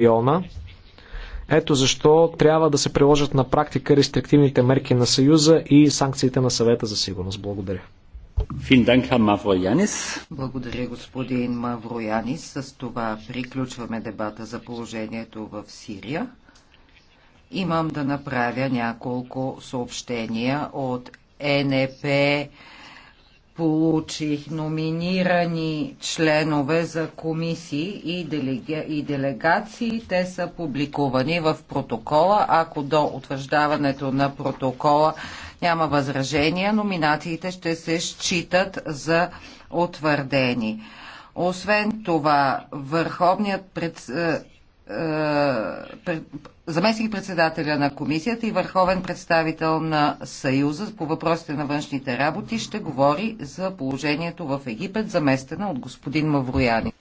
региона. Ето защо трябва да се приложат на практика рестриктивните мерки на Съюза и санкциите на съвета за сигурност. Благодаря. Благодаря, господин Мавроянис. С това приключваме дебата за положението в Сирия. Имам да направя няколко съобщения от НП получих номинирани членове за комисии и, делега... и делегации. Те са публикувани в протокола. Ако до утвърждаването на протокола няма възражения, номинациите ще се считат за утвърдени. Освен това, върховният пред е, е, заместник председателя на комисията и върховен представител на Съюза по въпросите на външните работи ще говори за положението в Египет, заместена от господин Маврояни.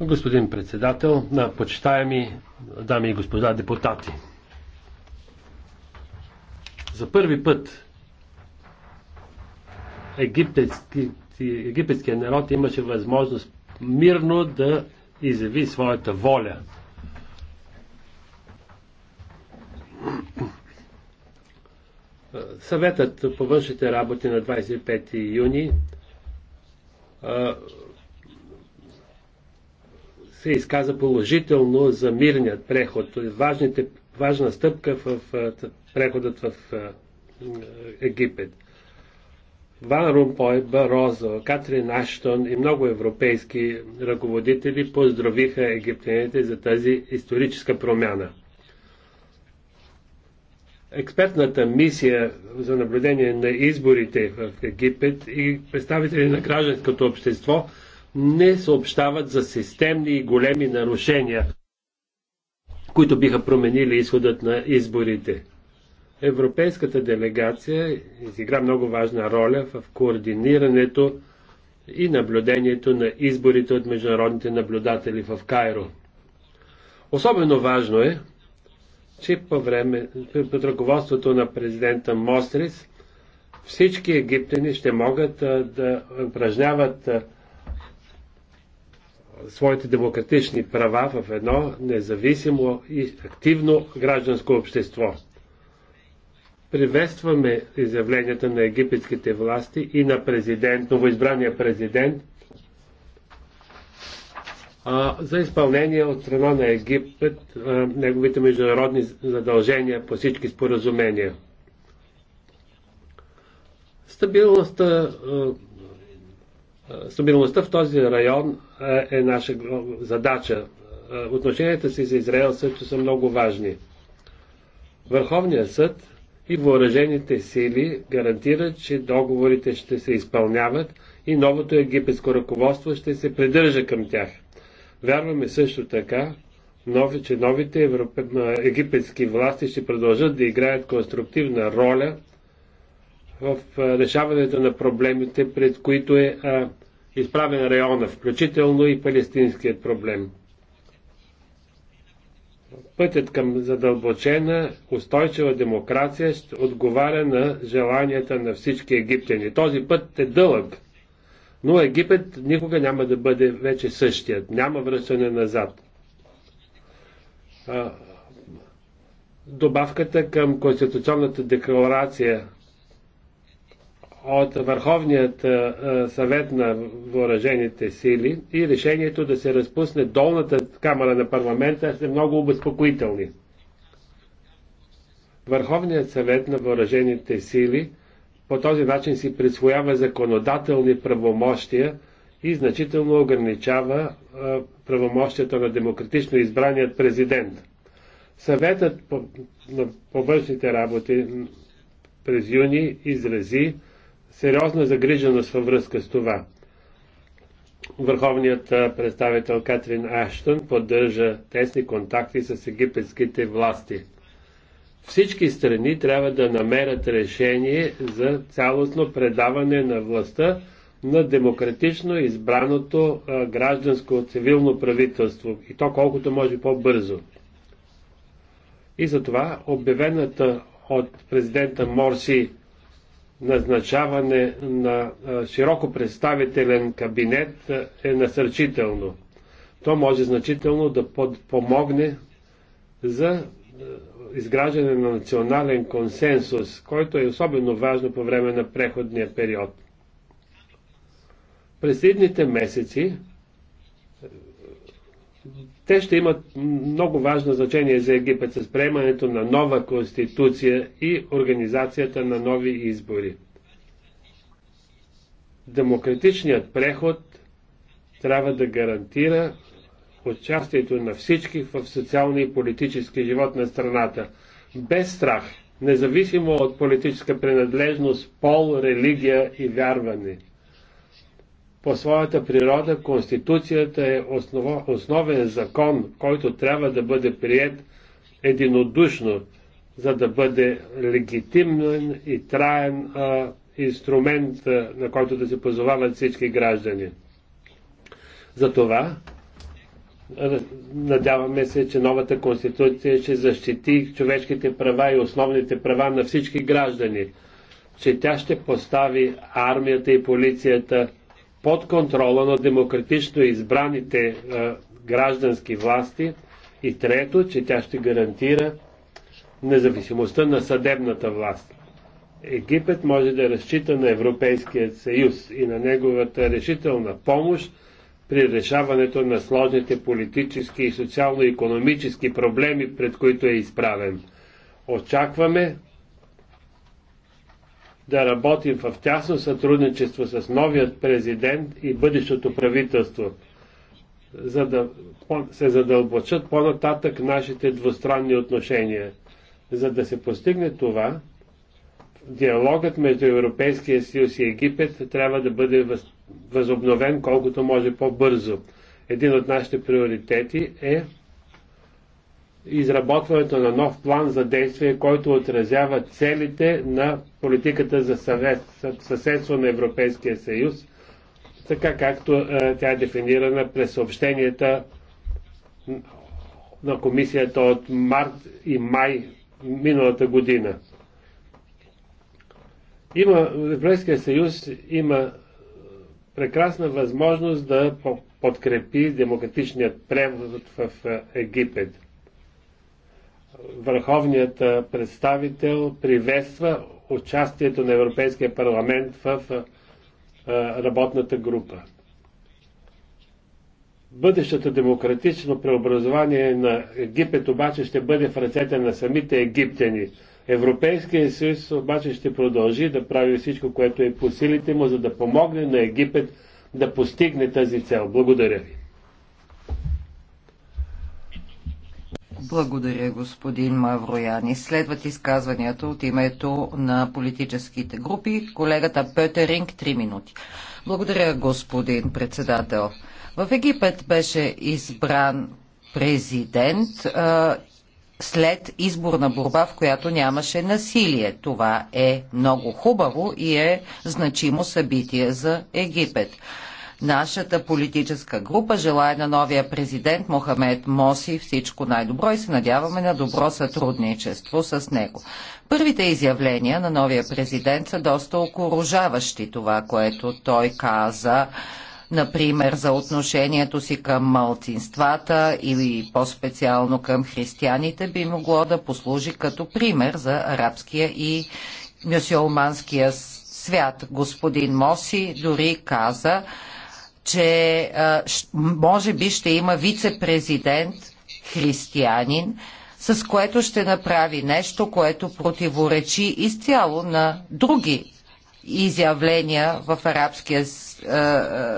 Господин председател, на почитаеми дами и господа депутати. За първи път египетски, египетския народ имаше възможност мирно да изяви своята воля. Съветът по външните работи на 25 юни се изказа положително за мирният преход. Е важните, важна стъпка в преходът в Египет. Ван Румпой, Барозо, Катрин Аштон и много европейски ръководители поздравиха египтяните за тази историческа промяна. Експертната мисия за наблюдение на изборите в Египет и представители на гражданското общество не съобщават за системни и големи нарушения, които биха променили изходът на изборите. Европейската делегация изигра много важна роля в координирането и наблюдението на изборите от международните наблюдатели в Кайро. Особено важно е, че по време, под ръководството на президента Мострис, всички египтяни ще могат а, да упражняват а, своите демократични права в едно независимо и активно гражданско общество. Приветстваме изявленията на египетските власти и на президент, новоизбрания президент а, за изпълнение от страна на Египет а, неговите международни задължения по всички споразумения. Стабилността, а, стабилността в този район е наша задача. Отношенията си с Израел също са много важни. Върховният съд и въоръжените сили гарантират, че договорите ще се изпълняват и новото египетско ръководство ще се придържа към тях. Вярваме също така, нови, че новите египетски власти ще продължат да играят конструктивна роля в решаването на проблемите, пред които е изправен района, включително и палестинският проблем. Пътят към задълбочена, устойчива демокрация ще отговаря на желанията на всички египтяни. Този път е дълъг, но Египет никога няма да бъде вече същият. Няма връщане назад. Добавката към Конституционната декларация от Върховният е, е, съвет на въоръжените сили и решението да се разпусне долната камера на парламента са е много обезпокоителни. Върховният съвет на въоръжените сили по този начин си присвоява законодателни правомощия и значително ограничава правомощията на демократично избраният президент. Съветът по, на, по външните работи през юни изрази сериозна загриженост във връзка с това. Върховният представител Катрин Аштън поддържа тесни контакти с египетските власти. Всички страни трябва да намерят решение за цялостно предаване на властта на демократично избраното гражданско цивилно правителство и то колкото може по-бързо. И затова обявената от президента Морси назначаване на широко представителен кабинет е насърчително. То може значително да помогне за изграждане на национален консенсус, който е особено важно по време на преходния период. През следните месеци те ще имат много важно значение за Египет с приемането на нова конституция и организацията на нови избори. Демократичният преход трябва да гарантира участието на всички в социалния и политически живот на страната, без страх, независимо от политическа принадлежност, пол, религия и вярване – по своята природа Конституцията е основа, основен закон, който трябва да бъде прият единодушно, за да бъде легитимен и траен а, инструмент, а, на който да се позовават всички граждани. Затова надяваме се, че новата Конституция ще защити човешките права и основните права на всички граждани, че тя ще постави армията и полицията под контрола на демократично избраните граждански власти и трето, че тя ще гарантира независимостта на съдебната власт. Египет може да разчита на Европейския съюз и на неговата решителна помощ при решаването на сложните политически и социално-економически проблеми, пред които е изправен. Очакваме да работим в тясно сътрудничество с новият президент и бъдещото правителство, за да се задълбочат по-нататък нашите двустранни отношения. За да се постигне това, диалогът между Европейския съюз и Египет трябва да бъде възобновен колкото може по-бързо. Един от нашите приоритети е изработването на нов план за действие, който отразява целите на политиката за съседство на Европейския съюз, така както е, тя е дефинирана през съобщенията на комисията от март и май миналата година. Има, Европейския съюз има прекрасна възможност да подкрепи демократичният превод в Египет върховният представител приветства участието на Европейския парламент в работната група. Бъдещата демократично преобразование на Египет обаче ще бъде в ръцете на самите египтяни. Европейския съюз обаче ще продължи да прави всичко, което е по силите му, за да помогне на Египет да постигне тази цел. Благодаря ви. Благодаря, господин Маврояни. Следват изказванията от името на политическите групи. Колегата Петеринг, 3 минути. Благодаря, господин председател. В Египет беше избран президент а, след изборна борба, в която нямаше насилие. Това е много хубаво и е значимо събитие за Египет. Нашата политическа група желая на новия президент Мохамед Моси всичко най-добро и се надяваме на добро сътрудничество с него. Първите изявления на новия президент са доста окоружаващи това, което той каза например за отношението си към малцинствата или по-специално към християните, би могло да послужи като пример за арабския и мюсюлманския свят. Господин Моси дори каза, че може би ще има вице-президент християнин, с което ще направи нещо, което противоречи изцяло на други изявления в арабския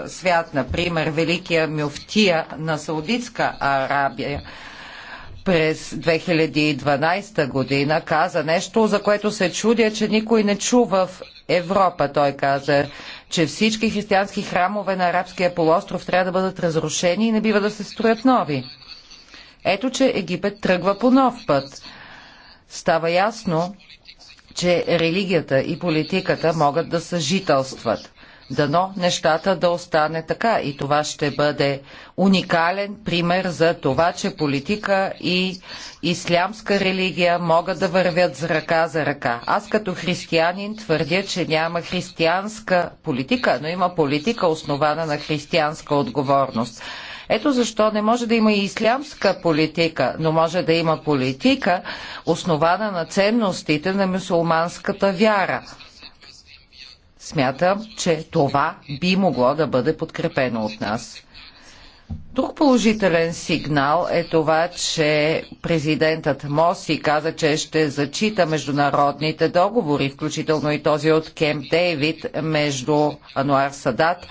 свят, например Великия мюфтия на Саудитска Арабия през 2012 година каза нещо, за което се чудя, че никой не чу в Европа. Той каза, че всички християнски храмове на арабския полуостров трябва да бъдат разрушени и не бива да се строят нови. Ето, че Египет тръгва по нов път. Става ясно, че религията и политиката могат да съжителстват. Дано нещата да остане така и това ще бъде уникален пример за това, че политика и ислямска религия могат да вървят за ръка за ръка. Аз като християнин твърдя, че няма християнска политика, но има политика основана на християнска отговорност. Ето защо не може да има и ислямска политика, но може да има политика, основана на ценностите на мусулманската вяра. Смятам, че това би могло да бъде подкрепено от нас. Друг положителен сигнал е това, че президентът Моси каза, че ще зачита международните договори, включително и този от Кемп Дейвид между Ануар Садат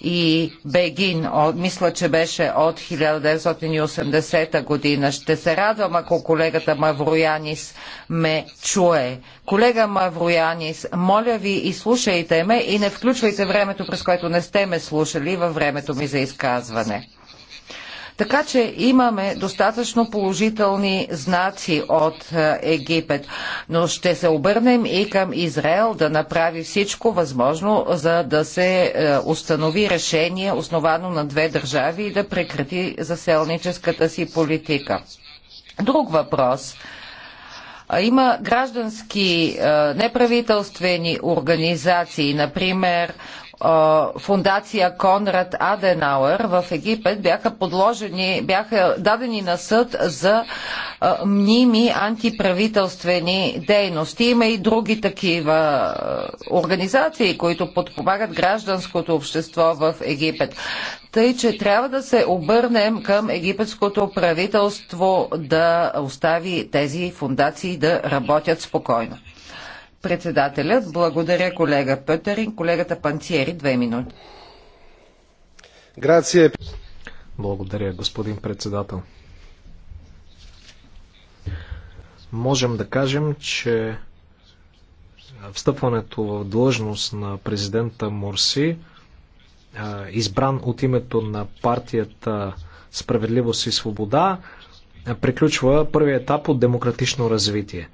и Бегин, мисля, че беше от 1980 година. Ще се радвам, ако колегата Мавроянис ме чуе. Колега Мавроянис, моля ви, и слушайте ме и не включвайте времето, през което не сте ме слушали във времето ми за изказване. Така че имаме достатъчно положителни знаци от е, Египет, но ще се обърнем и към Израел да направи всичко възможно, за да се е, установи решение, основано на две държави и да прекрати заселническата си политика. Друг въпрос има граждански е, неправителствени организации, например фундация Конрад Аденауер в Египет бяха подложени, бяха дадени на съд за мними антиправителствени дейности. Има и други такива организации, които подпомагат гражданското общество в Египет. Тъй, че трябва да се обърнем към египетското правителство да остави тези фундации да работят спокойно. Председателят, благодаря колега Пътерин. Колегата Панциери, две минути. Грация. Благодаря, господин председател. Можем да кажем, че встъпването в длъжност на президента Морси, избран от името на партията Справедливост и свобода, приключва първият етап от демократично развитие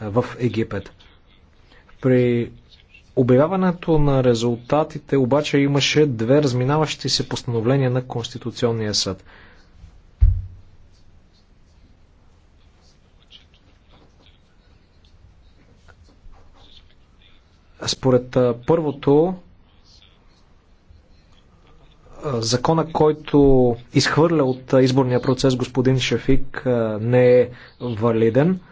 в Египет. При обявяването на резултатите обаче имаше две разминаващи се постановления на Конституционния съд. Според първото, закона, който изхвърля от изборния процес господин Шафик, не е валиден –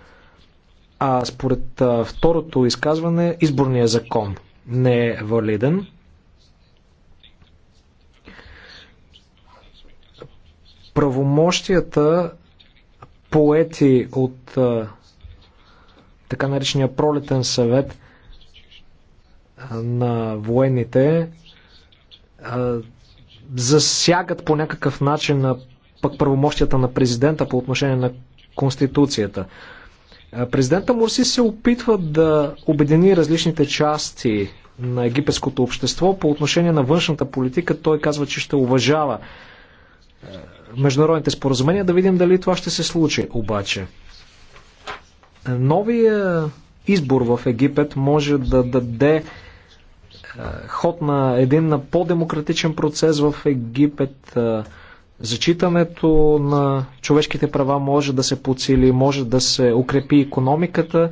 а според а, второто изказване, изборният закон не е валиден. Правомощията поети от а, така наречения пролетен съвет а, на военните а, засягат по някакъв начин а, пък правомощията на президента по отношение на Конституцията. Президента Мурси се опитва да обедини различните части на египетското общество по отношение на външната политика. Той казва, че ще уважава международните споразумения. Да видим дали това ще се случи обаче. Новия избор в Египет може да даде ход на един по-демократичен процес в Египет. Зачитането на човешките права може да се подсили, може да се укрепи економиката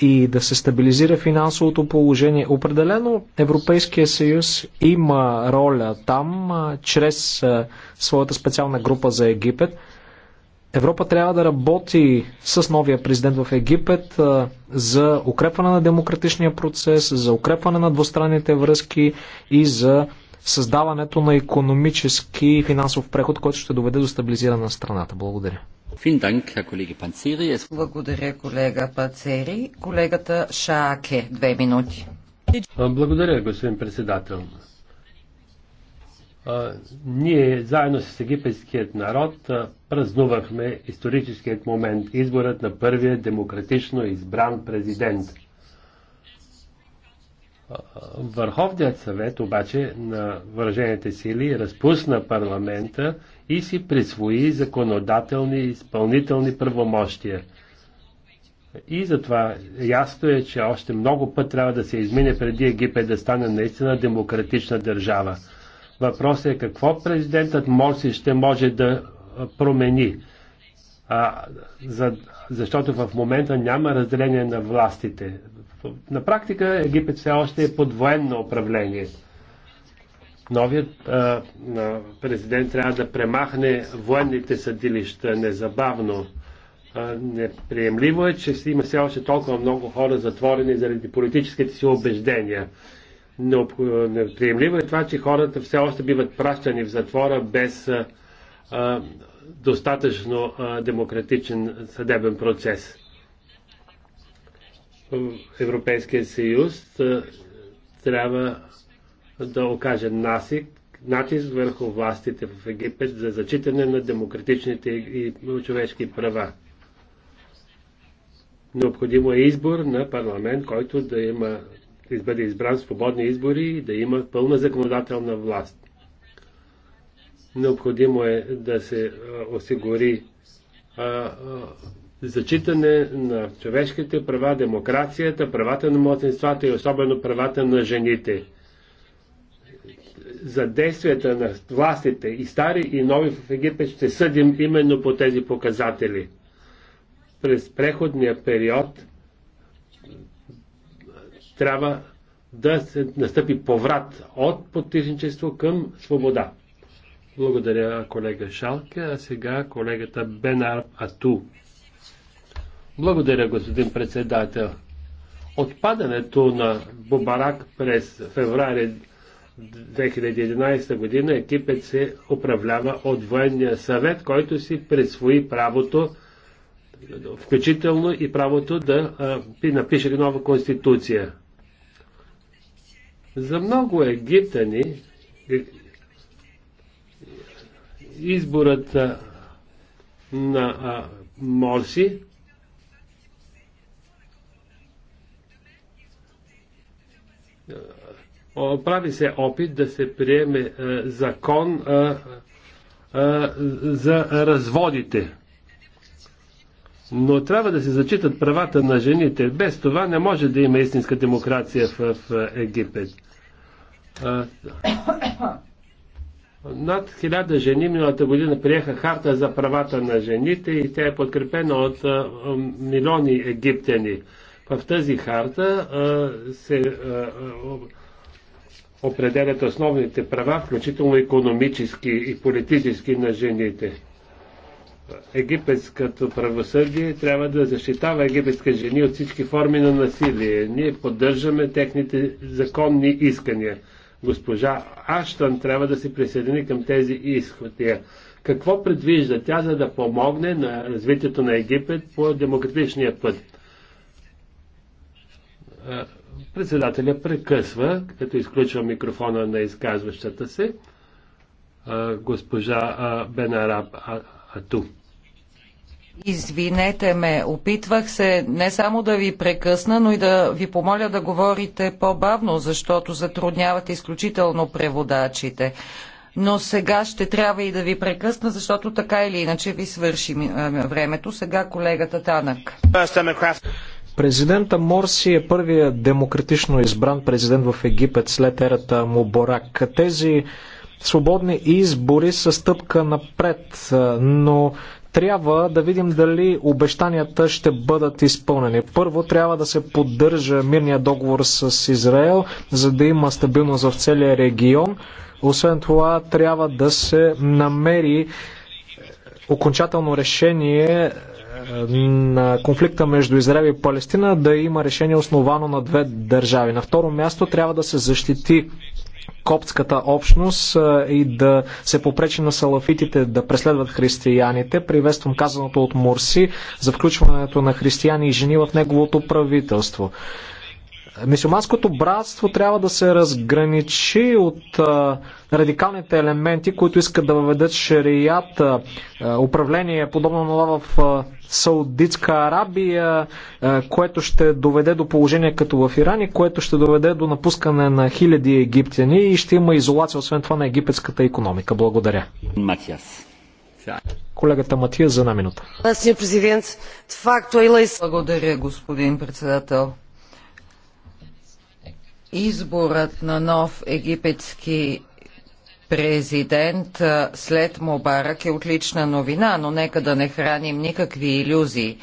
и да се стабилизира финансовото положение. Определено Европейския съюз има роля там, чрез своята специална група за Египет. Европа трябва да работи с новия президент в Египет за укрепване на демократичния процес, за укрепване на двустранните връзки и за създаването на економически и финансов преход, който ще доведе до стабилизиране на страната. Благодаря. Благодаря, колега Пацери. Колегата Шааке, две минути. Благодаря, господин председател. Ние заедно с египетският народ празнувахме историческият момент, изборът на първия демократично избран президент – Върховният съвет обаче на въоръжените сили разпусна парламента и си присвои законодателни и изпълнителни правомощия. И затова ясно е, че още много път трябва да се измине преди Египет да стане наистина демократична държава. Въпросът е какво президентът Морси ще може да промени. А, за, защото в момента няма разделение на властите. На практика Египет все още е под военно управление. Новият а, президент трябва да премахне военните съдилища незабавно. А, неприемливо е, че има все още толкова много хора затворени заради политическите си убеждения. Но, неприемливо е това, че хората все още биват пращани в затвора без а, достатъчно а, демократичен съдебен процес. Европейския съюз е, трябва да окаже насик, натиск върху властите в Египет за зачитане на демократичните и човешки права. Необходимо е избор на парламент, който да има да бъде избран свободни избори и да има пълна законодателна власт. Необходимо е да се осигури а, а, зачитане на човешките права, демокрацията, правата на младсинствата и особено правата на жените. За действията на властите и стари и нови в Египет ще съдим именно по тези показатели. През преходния период трябва да се настъпи поврат от потисничество към свобода. Благодаря колега Шалке, а сега колегата Бенар Ату. Благодаря, господин председател. Отпадането на Бубарак през феврари 2011 година екипът се управлява от военния съвет, който си присвои правото, включително и правото да напише нова конституция. За много египтани, изборът на Морси Е, прави се опит да се приеме е, закон е, за разводите. Но трябва да се зачитат правата на жените. Без това не може да има истинска демокрация в Египет. Над хиляда жени миналата година приеха харта за правата на жените и тя е подкрепена от милиони египтяни. В тази харта се определят основните права, включително економически и политически на жените. Египетското правосъдие трябва да защитава египетска жени от всички форми на насилие. Ние поддържаме техните законни искания. Госпожа Аштан трябва да се присъедини към тези изходия. Какво предвижда тя, за да помогне на развитието на Египет по демократичния път? Е, председателя прекъсва, като изключва микрофона на изказващата се, е, госпожа е, Бенараб Ату. Извинете ме, опитвах се не само да ви прекъсна, но и да ви помоля да говорите по-бавно, защото затруднявате изключително преводачите. Но сега ще трябва и да ви прекъсна, защото така или иначе ви свърши времето. Сега колегата Танък. Президента Морси е първият демократично избран президент в Египет след ерата му Борак. Тези свободни избори са стъпка напред, но трябва да видим дали обещанията ще бъдат изпълнени. Първо трябва да се поддържа мирния договор с Израел, за да има стабилност в целия регион. Освен това, трябва да се намери е, окончателно решение на конфликта между Израел и Палестина да има решение основано на две държави. На второ място трябва да се защити коптската общност и да се попречи на салафитите да преследват християните. Приветствам казаното от Мурси за включването на християни и жени в неговото правителство. Мисиоманското братство трябва да се разграничи от а, радикалните елементи, които искат да въведат шарият, а, управление подобно на това в а, Саудитска Арабия, а, което ще доведе до положение като в Иран и което ще доведе до напускане на хиляди египтяни и ще има изолация, освен това на египетската економика. Благодаря. Матиас. Колегата Матия за една минута. Е Благодаря, господин председател изборът на нов египетски президент след Мобарак е отлична новина, но нека да не храним никакви иллюзии.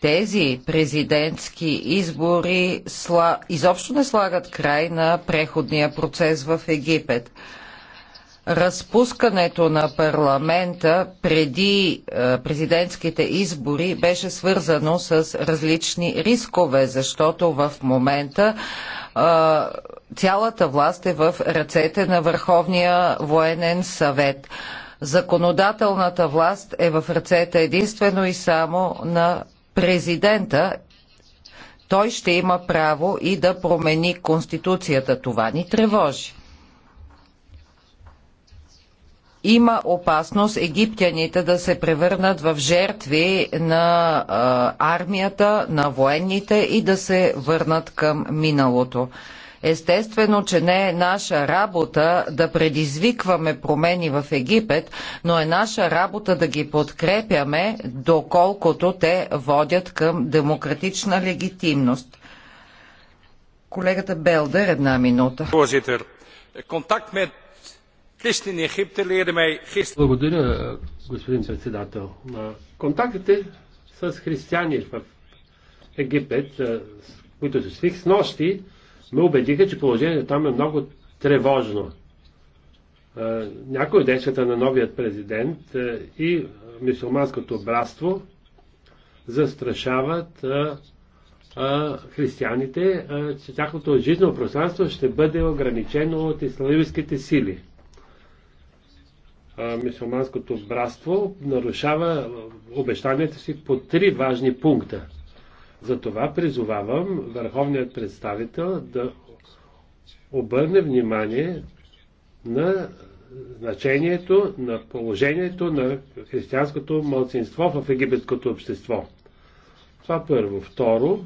Тези президентски избори изобщо не слагат край на преходния процес в Египет разпускането на парламента преди е, президентските избори беше свързано с различни рискове, защото в момента е, цялата власт е в ръцете на Върховния военен съвет. Законодателната власт е в ръцете единствено и само на президента той ще има право и да промени Конституцията. Това ни тревожи има опасност египтяните да се превърнат в жертви на а, армията, на военните и да се върнат към миналото. Естествено, че не е наша работа да предизвикваме промени в Египет, но е наша работа да ги подкрепяме, доколкото те водят към демократична легитимност. Колегата Белдер, една минута. Контакт благодаря, господин председател. Контактите с християни в Египет, които се свих с нощи, ме убедиха, че положението там е много тревожно. Някои действията на новият президент и мусулманското братство застрашават християните, че тяхното жизнено пространство ще бъде ограничено от исламистските сили мисулманското братство нарушава обещанията си по три важни пункта. Затова призовавам върховният представител да обърне внимание на значението на положението на християнското младсинство в египетското общество. Това първо. Второ,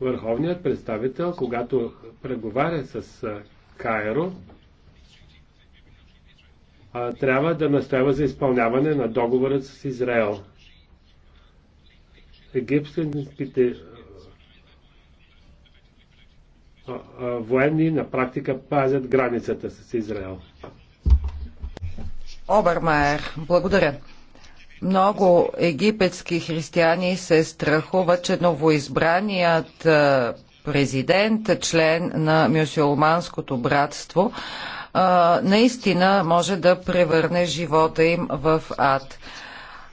върховният представител, когато преговаря с Кайро, а, трябва да настоява за изпълняване на договорът с Израел. Египетските военни на практика пазят границата с Израел. Обермайер, благодаря. Много египетски християни се страхуват, че новоизбраният президент, член на мюсюлманското братство, а, наистина може да превърне живота им в ад.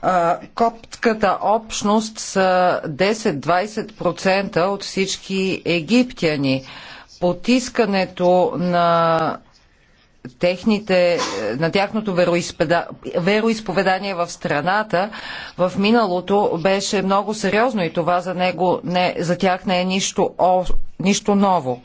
А, коптката общност са 10-20% от всички египтяни. Потискането на техните, на тяхното вероизповедание в страната в миналото беше много сериозно и това за, него не, за тях не е нищо, о, нищо ново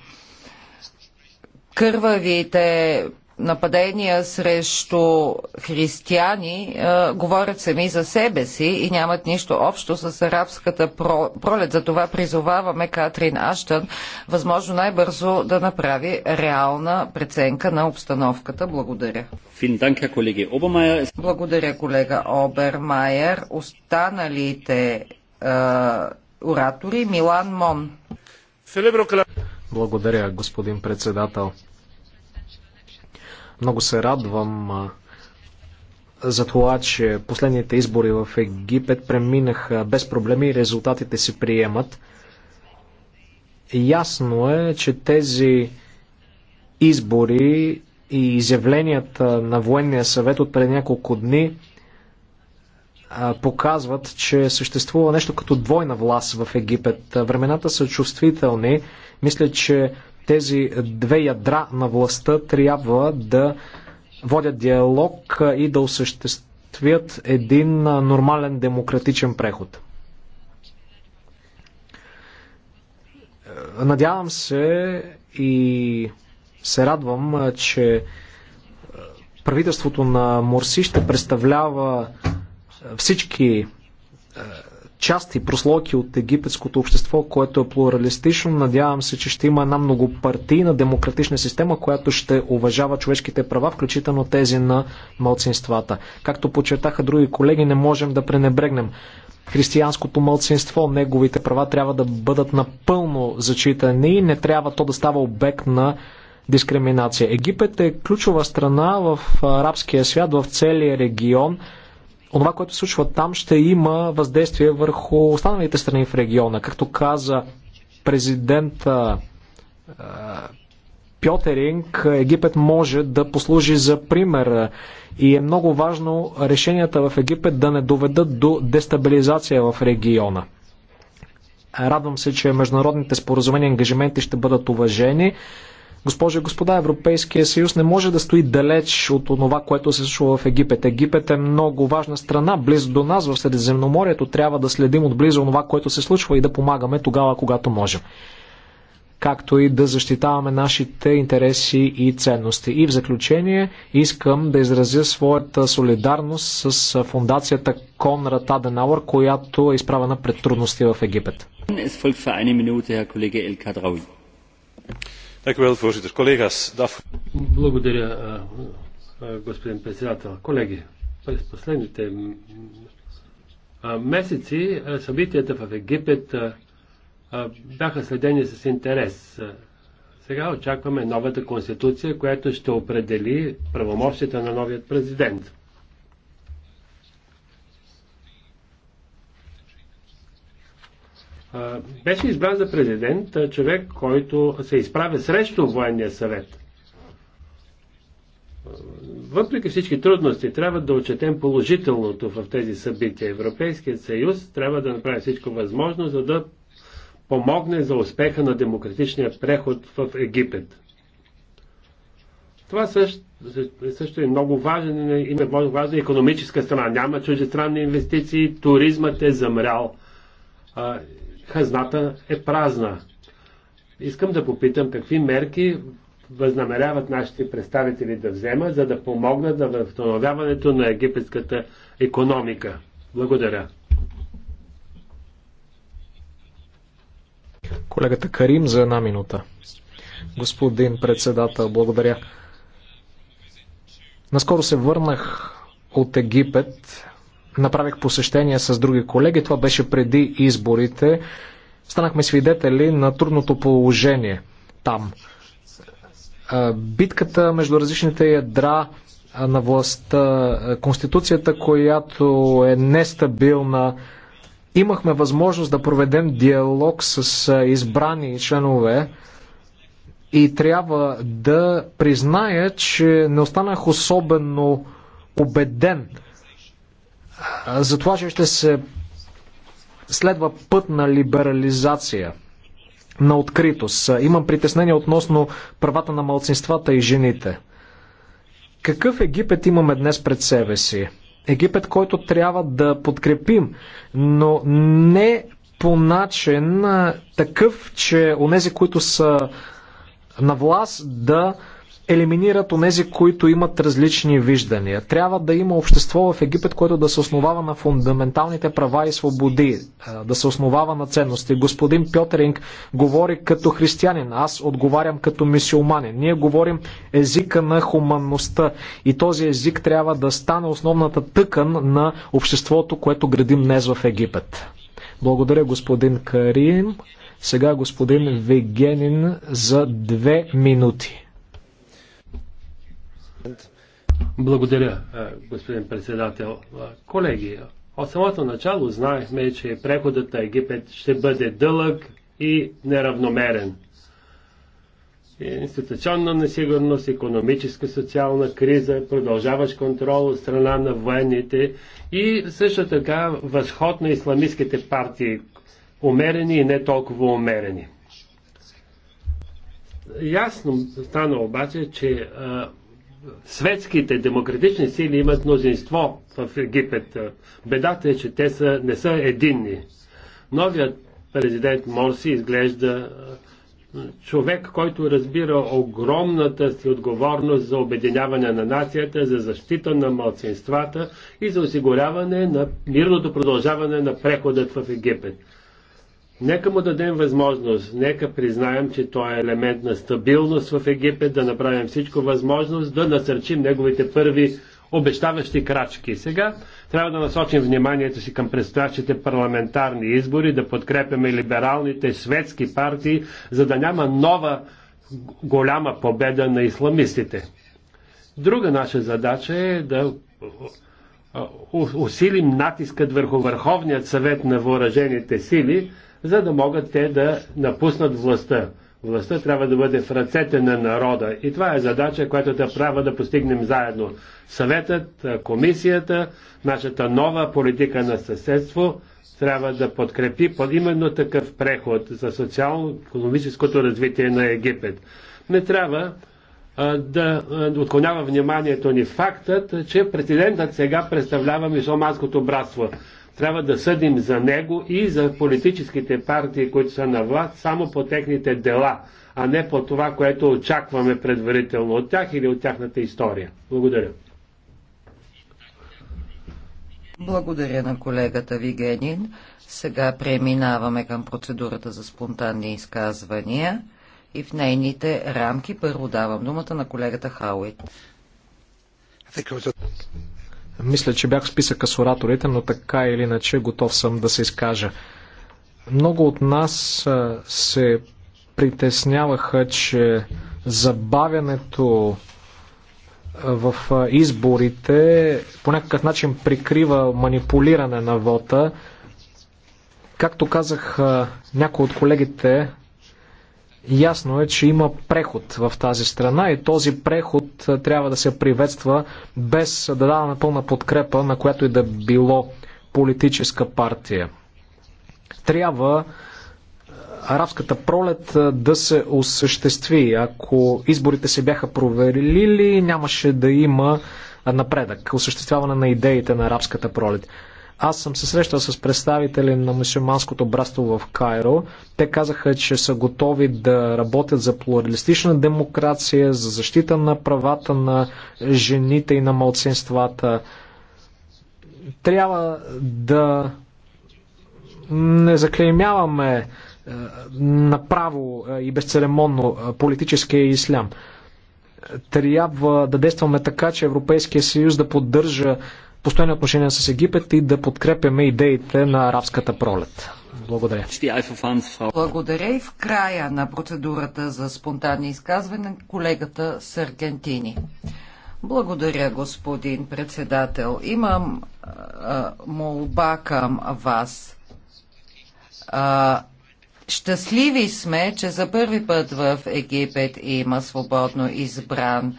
кървавите нападения срещу християни е, говорят сами за себе си и нямат нищо общо с арабската пролет. Затова призоваваме Катрин Аштън възможно най-бързо да направи реална преценка на обстановката. Благодаря. Благодаря, колега Обермайер. Останалите е, оратори Милан Мон. Благодаря, господин председател. Много се радвам за това, че последните избори в Египет преминаха без проблеми и резултатите се приемат. Ясно е, че тези избори и изявленията на военния съвет от преди няколко дни показват, че съществува нещо като двойна власт в Египет. Времената са чувствителни мисля, че тези две ядра на властта трябва да водят диалог и да осъществят един нормален демократичен преход. Е, надявам се и се радвам, че е, правителството на Морси ще представлява е, всички части, прослойки от египетското общество, което е плуралистично. Надявам се, че ще има една многопартийна демократична система, която ще уважава човешките права, включително тези на малцинствата. Както подчертаха други колеги, не можем да пренебрегнем християнското мълцинство, неговите права трябва да бъдат напълно зачитани и не трябва то да става обект на дискриминация. Египет е ключова страна в арабския свят, в целия регион онова, което се случва там, ще има въздействие върху останалите страни в региона. Както каза президента е, Пьотеринг, Египет може да послужи за пример и е много важно решенията в Египет да не доведат до дестабилизация в региона. Радвам се, че международните споразумения и ангажименти ще бъдат уважени. Госпожи и господа, Европейския съюз не може да стои далеч от това, което се случва в Египет. Египет е много важна страна, близо до нас в Средиземноморието. Трябва да следим отблизо това, което се случва и да помагаме тогава, когато можем. Както и да защитаваме нашите интереси и ценности. И в заключение искам да изразя своята солидарност с фундацията Конрад Аденауър, която е изправена пред трудности в Египет voorzitter collega's благодаря господин председател колеги през последните месеци събитията в египет бяха следени с интерес сега очакваме новата конституция която ще определи правомощията на новият президент беше избран за президент човек, който се изправя срещу военния съвет. Въпреки всички трудности, трябва да отчетем положителното в тези събития. Европейският съюз трябва да направи всичко възможно, за да помогне за успеха на демократичния преход в Египет. Това също, също е много важен, има много важна економическа страна. Няма чуждестранни инвестиции, туризмът е замрял хазната е празна. Искам да попитам какви мерки възнамеряват нашите представители да вземат, за да помогнат за възстановяването на египетската економика. Благодаря. Колегата Карим за една минута. Господин председател, благодаря. Наскоро се върнах от Египет направих посещение с други колеги. Това беше преди изборите. Станахме свидетели на трудното положение там. Битката между различните ядра на властта, конституцията, която е нестабилна, имахме възможност да проведем диалог с избрани членове и трябва да призная, че не останах особено убеден за това, че ще се следва път на либерализация, на откритост. Имам притеснение относно правата на малцинствата и жените. Какъв Египет имаме днес пред себе си? Египет, който трябва да подкрепим, но не по начин такъв, че онези, които са на власт, да елиминират онези, които имат различни виждания. Трябва да има общество в Египет, което да се основава на фундаменталните права и свободи, е, да се основава на ценности. Господин Пьотеринг говори като християнин, аз отговарям като мисиоманин. Ние говорим езика на хуманността и този език трябва да стане основната тъкан на обществото, което градим днес в Египет. Благодаря господин Карим. Сега господин Вегенин за две минути. Благодаря, е, господин председател. Е, колеги, от самото начало знаехме, че преходът на Египет ще бъде дълъг и неравномерен. Институционна несигурност, економическа, социална криза, продължаващ контрол от страна на военните и също така възход на исламистските партии, умерени и не толкова умерени. Ясно стана обаче, че а, е, светските демократични сили имат мнозинство в Египет. Бедата е, че те са, не са единни. Новият президент Морси изглежда човек, който разбира огромната си отговорност за обединяване на нацията, за защита на малцинствата и за осигуряване на мирното продължаване на преходът в Египет. Нека му дадем възможност, нека признаем, че той е елемент на стабилност в Египет, да направим всичко възможност, да насърчим неговите първи обещаващи крачки. Сега трябва да насочим вниманието си към предстоящите парламентарни избори, да подкрепяме либералните светски партии, за да няма нова голяма победа на исламистите. Друга наша задача е да усилим натискът върху Върховният съвет на въоръжените сили, за да могат те да напуснат властта. Властта трябва да бъде в ръцете на народа. И това е задача, която те трябва да постигнем заедно. Съветът, комисията, нашата нова политика на съседство трябва да подкрепи под именно такъв преход за социално-економическото развитие на Египет. Не трябва да отклонява вниманието ни фактът, че президентът сега представлява мисулманското братство. Трябва да съдим за него и за политическите партии, които са на власт, само по техните дела, а не по това, което очакваме предварително от тях или от тяхната история. Благодаря. Благодаря на колегата Вигенин. Сега преминаваме към процедурата за спонтанни изказвания и в нейните рамки първо давам думата на колегата Хауит. Мисля, че бях в списъка с ораторите, но така или иначе готов съм да се изкажа. Много от нас се притесняваха, че забавянето в изборите по някакъв начин прикрива манипулиране на вота. Както казах някои от колегите, Ясно е, че има преход в тази страна и този преход трябва да се приветства без да дава напълна подкрепа на която и да било политическа партия. Трябва арабската пролет да се осъществи. Ако изборите се бяха проверили, нямаше да има напредък, осъществяване на идеите на арабската пролет. Аз съм се срещал с представители на мусулманското братство в Кайро. Те казаха, че са готови да работят за плуралистична демокрация, за защита на правата на жените и на малцинствата. Трябва да не заклеймяваме е, направо е, и безцеремонно е, политическия ислям. Трябва да действаме така, че Европейския съюз да поддържа постоянни отношения с Египет и да подкрепяме идеите на арабската пролет. Благодаря. Благодаря и в края на процедурата за спонтанни изказване колегата с Аргентини. Благодаря, господин председател. Имам а, молба към вас. А, щастливи сме, че за първи път в Египет има свободно избран а,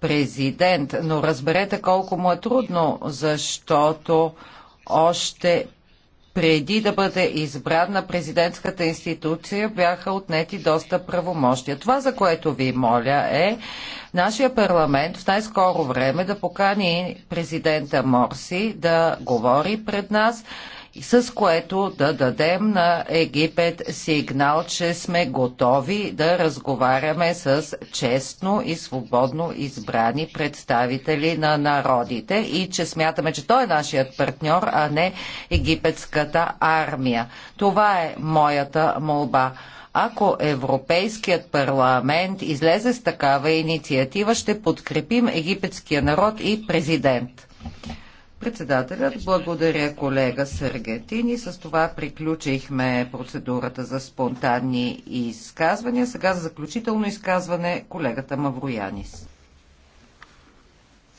президент, но разберете колко му е трудно, защото още преди да бъде избран на президентската институция бяха отнети доста правомощия. Това, за което ви моля е нашия парламент в най-скоро време да покани президента Морси да говори пред нас с което да дадем на Египет сигнал, че сме готови да разговаряме с честно и свободно избрани представители на народите и че смятаме, че той е нашият партньор, а не египетската армия. Това е моята молба. Ако Европейският парламент излезе с такава инициатива, ще подкрепим египетския народ и президент. Председателят, благодаря колега и С това приключихме процедурата за спонтанни изказвания. Сега за заключително изказване колегата Мавроянис.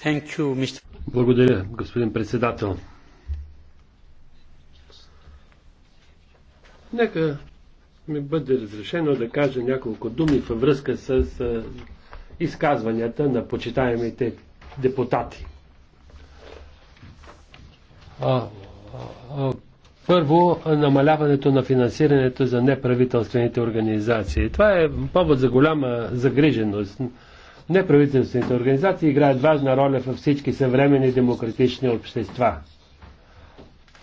You, благодаря, господин председател. Нека ми бъде разрешено да кажа няколко думи във връзка с изказванията на почитаемите депутати първо, намаляването на финансирането за неправителствените организации. Това е повод за голяма загриженост. Неправителствените организации играят важна роля във всички съвремени демократични общества.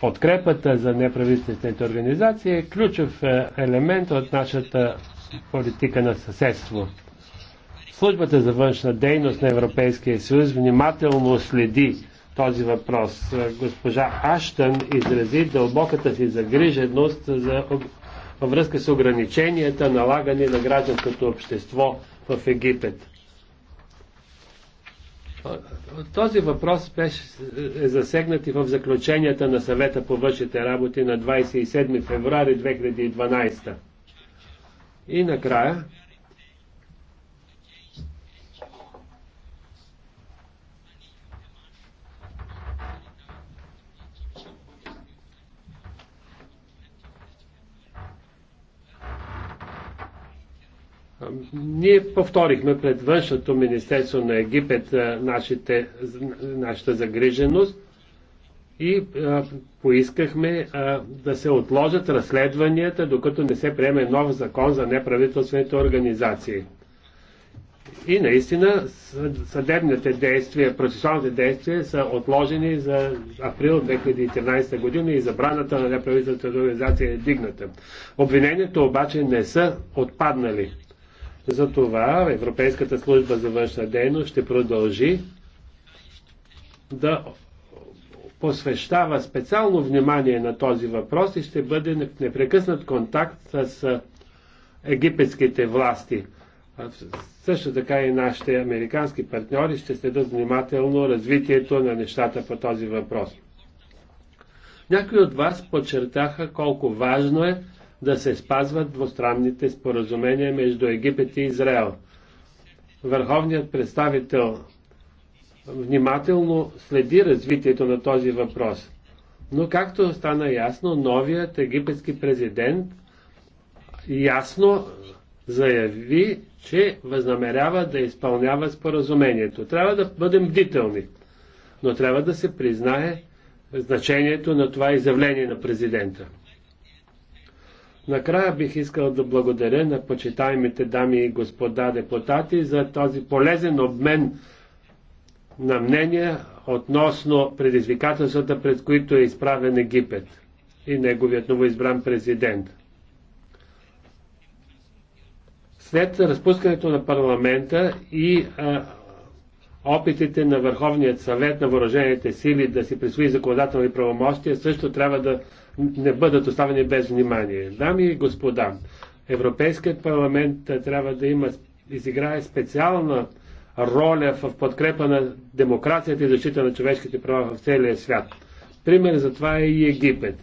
Подкрепата за неправителствените организации е ключов е, елемент от нашата политика на съседство. Службата за външна дейност на Европейския съюз внимателно следи този въпрос. Е, госпожа Аштън изрази дълбоката си загриженост за, във връзка с ограниченията, налагани на гражданското общество в Египет. Този въпрос беше, е, е засегнат и в заключенията на съвета по външните работи на 27 февруари 2012. И накрая Ние повторихме пред външното министерство на Египет нашите, нашата загриженост и а, поискахме а, да се отложат разследванията, докато не се приеме нов закон за неправителствените организации. И наистина съдебните действия, процесуалните действия са отложени за април 2013 година и забраната на неправителствената организация е дигната. Обвинението обаче не са отпаднали. Затова Европейската служба за външна дейност ще продължи да посвещава специално внимание на този въпрос и ще бъде непрекъснат контакт с египетските власти. Също така и нашите американски партньори ще следят внимателно развитието на нещата по този въпрос. Някои от вас подчертаха колко важно е да се спазват двустранните споразумения между Египет и Израел. Върховният представител внимателно следи развитието на този въпрос. Но както стана ясно, новият египетски президент ясно заяви, че възнамерява да изпълнява споразумението. Трябва да бъдем бдителни, но трябва да се признае значението на това изявление на президента. Накрая бих искал да благодаря на почитаемите дами и господа депутати за този полезен обмен на мнения относно предизвикателствата, пред които е изправен Египет и неговият новоизбран президент. След разпускането на парламента и а, опитите на Върховният съвет на въоръжените сили да си присвои законодателни правомощия, също трябва да не бъдат оставени без внимание. Дами и господа, Европейският парламент трябва да има, изиграе специална роля в подкрепа на демокрацията и защита на човешките права в целия свят. Пример за това е и Египет.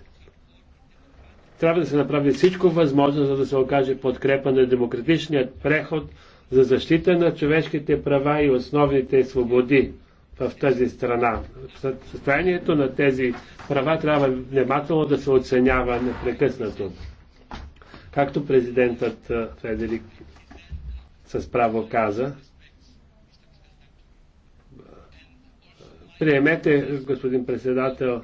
Трябва да се направи всичко възможно, за да се окаже подкрепа на демократичният преход за защита на човешките права и основните свободи в тази страна. Състоянието на тези права трябва внимателно да се оценява непрекъснато. Както президентът Федерик с право каза, приемете, господин председател,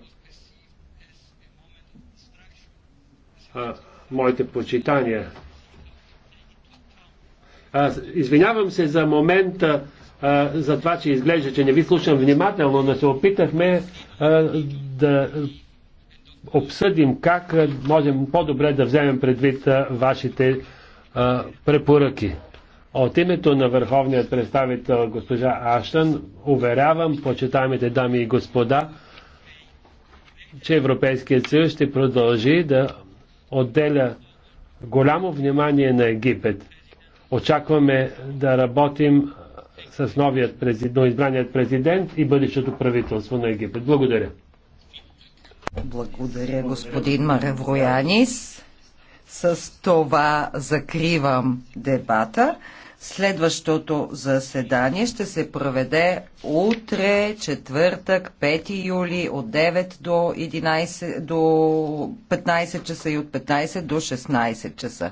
а, моите почитания. А, извинявам се за момента, за това, че изглежда, че не ви слушам внимателно, но се опитахме да обсъдим как можем по-добре да вземем предвид вашите препоръки. От името на върховният представител госпожа Аштън уверявам, почитаемите дами и господа, че Европейският съюз ще продължи да отделя голямо внимание на Египет. Очакваме да работим с новият президент, но избраният президент и бъдещото правителство на Египет. Благодаря. Благодаря, господин Маревроянис. С това закривам дебата. Следващото заседание ще се проведе утре, четвъртък, 5 юли от 9 до, 11, до 15 часа и от 15 до 16 часа.